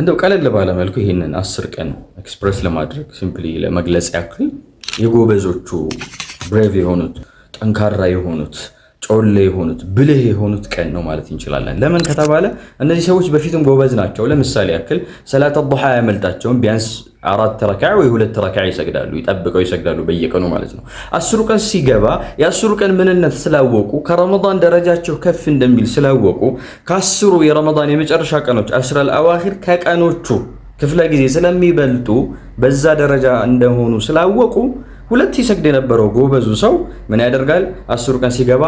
እንደው ቀለል ባለመልኩ ይህንን አስር ቀን ኤክስፕረስ ለማድረግ ሲምፕሊ ለመግለጽ ያክል የጎበዞቹ ብሬቭ የሆኑት ጠንካራ የሆኑት ጮሌ የሆኑት ብልህ የሆኑት ቀን ነው ማለት እንችላለን። ለምን ከተባለ እነዚህ ሰዎች በፊትም ጎበዝ ናቸው። ለምሳሌ ያክል ሰላት ዱሓ አያመልጣቸውም። ቢያንስ አራት ረካ ወይ ሁለት ረካ ይሰግዳሉ፣ ይጠብቀው ይሰግዳሉ በየቀኑ ማለት ነው። አስሩ ቀን ሲገባ የአስሩ ቀን ምንነት ስላወቁ ከረመዳን ደረጃቸው ከፍ እንደሚል ስላወቁ ከአስሩ የረመዳን የመጨረሻ ቀኖች አስረል አዋኺር ከቀኖቹ ክፍለ ጊዜ ስለሚበልጡ በዛ ደረጃ እንደሆኑ ስላወቁ ሁለት ይሰግድ የነበረው ጎበዙ ሰው ምን ያደርጋል? አስሩ ቀን ሲገባ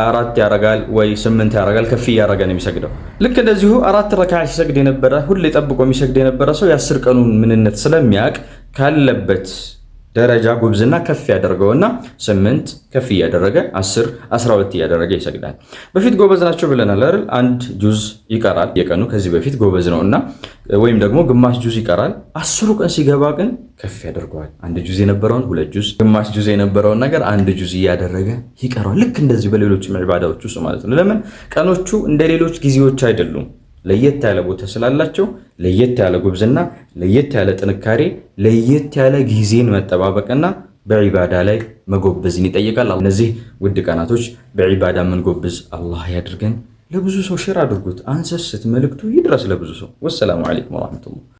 አራት ያረጋል ወይ ስምንት ያረጋል፣ ከፍ እያረገ ነው የሚሰግደው። ልክ እንደዚሁ አራት ረካ ሲሰግድ የነበረ ሁሌ ጠብቆ የሚሰግድ የነበረ ሰው የአስር ቀኑን ምንነት ስለሚያውቅ ካለበት ደረጃ ጉብዝና ከፍ ያደርገውና ስምንት ከፍ እያደረገ አስር አስራ ሁለት እያደረገ ይሰግዳል። በፊት ጎበዝ ናቸው ብለናል አይደል? አንድ ጁዝ ይቀራል የቀኑ ከዚህ በፊት ጎበዝ ነው እና ወይም ደግሞ ግማሽ ጁዝ ይቀራል። አስሩ ቀን ሲገባ ግን ከፍ ያደርገዋል። አንድ ጁዝ የነበረውን ሁለት ጁዝ፣ ግማሽ ጁዝ የነበረውን ነገር አንድ ጁዝ እያደረገ ይቀረዋል። ልክ እንደዚህ በሌሎችም ዕባዳዎች ውስጥ ማለት ነው። ለምን ቀኖቹ እንደ ሌሎች ጊዜዎች አይደሉም። ለየት ያለ ቦታ ስላላቸው ለየት ያለ ጉብዝና፣ ለየት ያለ ጥንካሬ፣ ለየት ያለ ጊዜን መጠባበቅና በዒባዳ ላይ መጎበዝን ይጠይቃል። እነዚህ ውድ ቀናቶች በዒባዳ ምንጎብዝ አላህ ያድርገን። ለብዙ ሰው ሽር አድርጉት። አንሰስት መልእክቱ ይድረስ ለብዙ ሰው። ወሰላሙ ዓለይኩም ወራህመቱላህ